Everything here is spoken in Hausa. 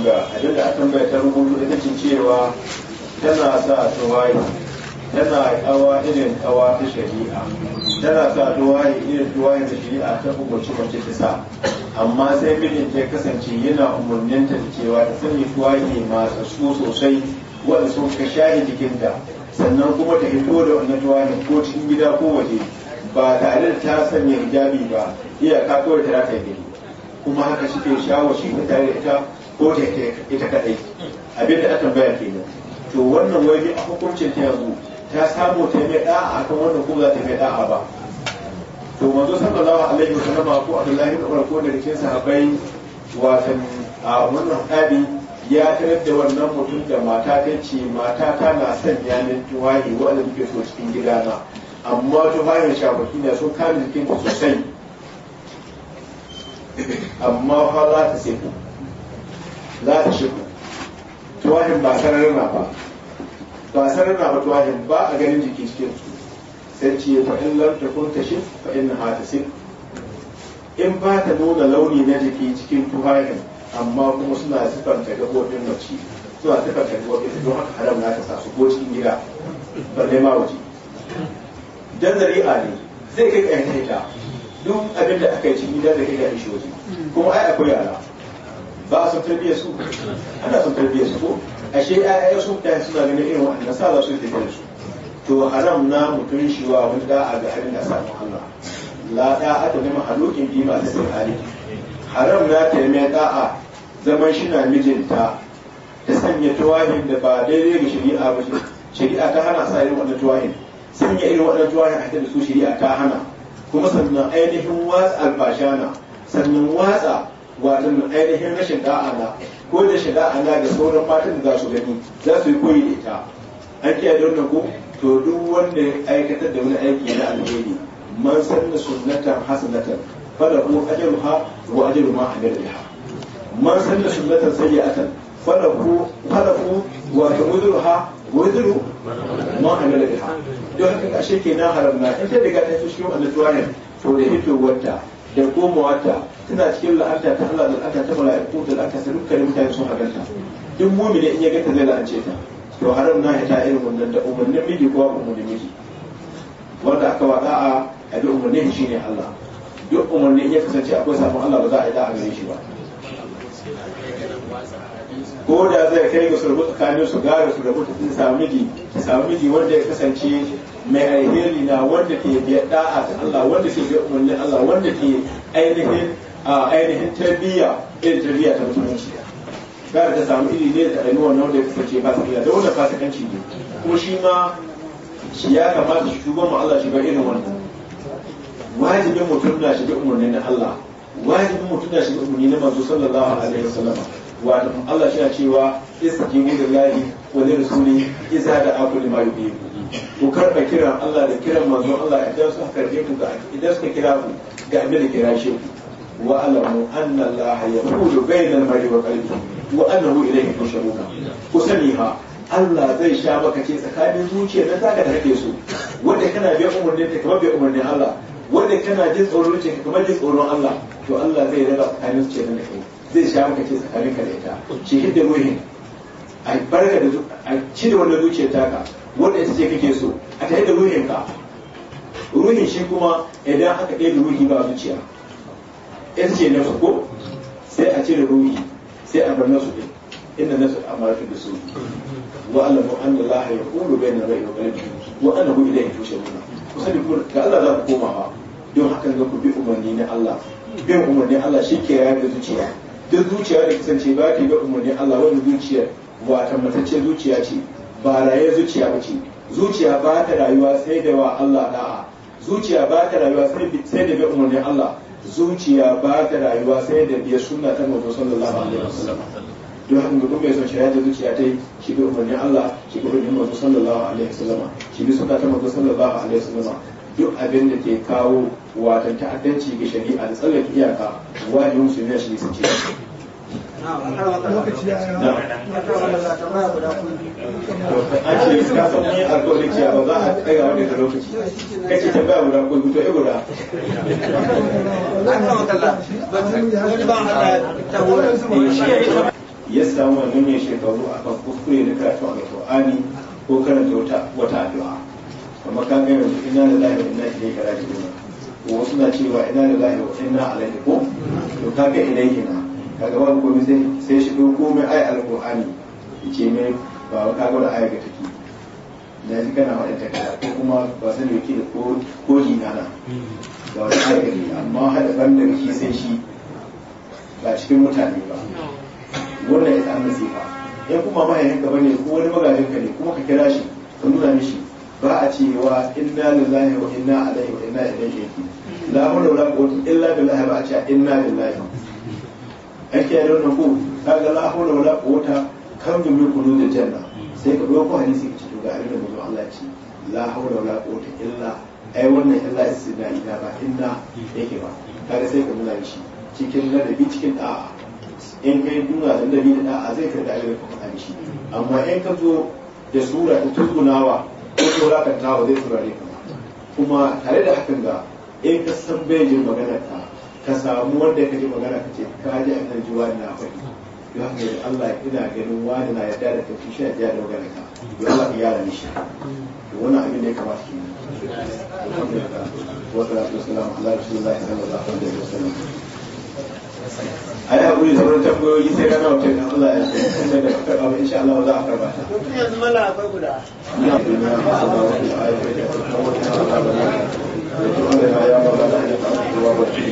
abin da akan bai ta rubutu ita ce cewa tana sa tuwayi tana kawa irin kawa ta shari'a tana sa tuwayi irin tuwayin da shari'a ta hukunci mace ta sa amma sai mijin ya kasance yana umarninta da cewa ta sanya tuwayi masu su sosai wanda sun ka share jikinta sannan kuma ta hito da wannan tuwayin ko cikin gida ko waje ba tare da ta sanya hijabi ba iyaka kawai ta rata gari kuma haka shi ke shawo shi ta tare da ita ko da ita kadai abin da aka ke nan to wannan wai a hukuncin ta yanzu ta samu ta mai da'a kan wannan kuma za ta mai da'a ba to manzo sallallahu alaihi wasallam ko Abdullahi ibn Umar ko da cikin sahabbai watan a wannan hadi ya tarar da wannan mutum da mata ta ce mata ta na son min tuwaye wanda muke so cikin gidana amma tuwahin shafaki na sun kame jikinta sosai amma fa za ta sai za a ce tuwahin ba sararin na ba ba sararin na ba tuwahin ba a ganin jiki cikin su sai ce fa in lam takun tashif fa in ha tasif in ba ta nuna launi na jiki cikin tuwahin amma kuma suna sifanta gabobin mace suna sifanta gabobin don haka haram na ta sa su ko cikin gida Ba balle ma waje dan zari'a ne zai kai kai ta duk abin da aka yi cikin gida zai kai kai shi waje kuma ai akwai yara ba su tarbiyyar su ana su tarbiyyar su ashe ayyan su da suna ganin irin wa'anda sa za su yi da su to haram na mutum shi wa wani da'a ga harin da samu Allah la da'a ta nima halukin bi ma sai hali haram na ta yi da'a zaman shi na mijinta ta sanya tuwahin da ba daidai ga shari'a ba shari'a ta hana sa irin wannan tuwahin sanya irin wannan tuwahin a da su shari'a ta hana kuma sannan ainihin watsa albashana sannan watsa wato ainihin rashin da'ana ko da shida'a na da sauran fatin da za su gani za su yi koyi da ita an kiyaye da wannan ko to duk wanda ya aikata da wani aiki na alheri man san da sunnatan hasanatan falahu ajruha wa ajru ma amila biha man da sunnatan sayyi'atan fala falahu wa tawduha wa wudru ma amila biha don haka ashe kenan haramna in ta daga ta cikin annabawan to da hito wata da komawa ta tana cikin la'anta ta Allah da aka la'anta ta ko da aka sanu kare mutane sun haganta duk mumini in ya ga ta zai la'ance ta to haram na ta irin wannan da umarnin miji ko umarnin miji wanda aka wada a abi umarnin shi ne Allah duk umarnin ya kasance akwai sabon Allah ba za a yi da gare shi ba ko da zai kai ga sulhu tsakanin su gare su rabu ta samu miji ta samu miji wanda ya kasance mai alheri na wanda ke biya da'a ta Allah wanda ke biya umarnin Allah wanda ke ainihin a ainihin tarbiyya irin tarbiyya ta musulunci gara ta samu iri ne da ɗani wannan wanda ya kasance ba su iya da wanda fasikanci ne kuma shi ma shi ya kamata shi shugaban mu Allah shi ga irin wannan wajibin mutum na shiga umarni na Allah wajibin mutum na shiga umarni na manzo sallallahu alaihi wasallam wato Allah shi ya cewa istiqimu lillahi wa li rasuli idza da'akum lima yuhibbu ku karɓa kiran Allah da kiran manzon Allah idan suka karɓe ku ga idan suka kira ku ga abin da kira shi ku واعلموا ان الله يقول بين المرء وقلبه وانه اليه تشرون كسنيها Allah zai sha maka ce tsakanin zuciyar nan zaka da kake so wanda kana biya umarnin ta kamar umarnin Allah wanda kana jin tsoron ce kamar jin Allah to Allah zai raba tsakanin zuciyar nan da kai zai sha maka tsakanin ka da ita ce hidda ruhin a barka da a cire wannan zuciyar taka wanda ita ce kake so a tare da ruhin ka ruhin shi kuma idan aka ɗaya da ruhi ba zuciya in ce na ko sai a cire ruhi sai a bar nasu din inna nasu amaratu da su wa alamu anna la yaqulu bayna ba wa qalbi wa annahu ilayhi tushabuna ku sani ku ga Allah za ku koma ba don haka ga ku bi umarni na Allah bi umarni Allah shi ke rayar da zuciya duk zuciya da kusance ba ta ga umarni Allah wani zuciya wa ta matacce zuciya ce ba raye zuciya ba ce zuciya ba ta rayuwa sai da wa Allah da'a zuciya ba ta rayuwa sai da bi umarni Allah zuciya ba ta rayuwa sai da biya sunna ta manzo sallallahu alaihi wasallam don haka mutum mai son shari'a da zuciya ta yi shi bi umarnin Allah shi bi umarnin manzo sallallahu alaihi wasallam shi bi sunna ta manzo sallallahu alaihi wasallam duk abin da ke kawo watan ta'addanci ga shari'a da tsallake iyaka wajibin musulmi shi ne sun ce lokaci ya ba za a tsaya wanda ba ta ya samu wannan shekaru a kan kuskure da karatu alƙur'ani ko karanta wata wata addu'a amma ka ga yanzu inna lillahi wa inna ilaihi raji'un wasu na cewa inna lillahi wa inna ilaihi ko to ka ga ilaihi na kaga wani komai sai shi ɗau komai ai alƙur'ani ya ce mai ba wa kaga da aya ga take da shi kana faɗin ta kada ko kuma ba san da yake da ko hinana ba wani aya ne amma haɗa ban daga shi sai shi ba cikin mutane ba wannan ita sai ba ya kuma mahaifin ba ne ko wani ka ne kuma ka kira shi ka nuna mishi ba a cewa inna lillahi wa inna alaihi wa inna ilaihi la hawla wala quwwata illa inna ba a cewa inna lillahi ake yadda da ku ga la hawla wala quwwata kam bi min kunuzil janna sai ka dauko hadisi ka ci ga abin da manzo Allah ce la hawla wala quwwata illa ai wannan illa istina ila ba inda yake ba kaga sai ka nuna shi cikin ladabi cikin da'a in kai duna da ladabi da da'a zai ka da abin da ka faɗa shi amma in ka zo da sura ta tukunawa ko tsorakantawa zai saurare kuma tare da hakan ga in ka san bai maganar ka samu wanda ka ji magana ka ce ka ji annan juwa na faɗi don haka Allah ina ganin wani na ya da ta fi a jiya da magana ka don Allah ka yara nishi da wannan abin da ya kamata ke wasalatu wasalam ala rasulullahi sallallahu alaihi wasallam a yi haƙuri sauran tambayoyi sai Allah ya ce da ka karɓa insha Allah za a karɓa ta. yanzu mala akwai guda. Ina duniya masu ba wani da kuma wata ala ba na da kuma da ya ba ba da ya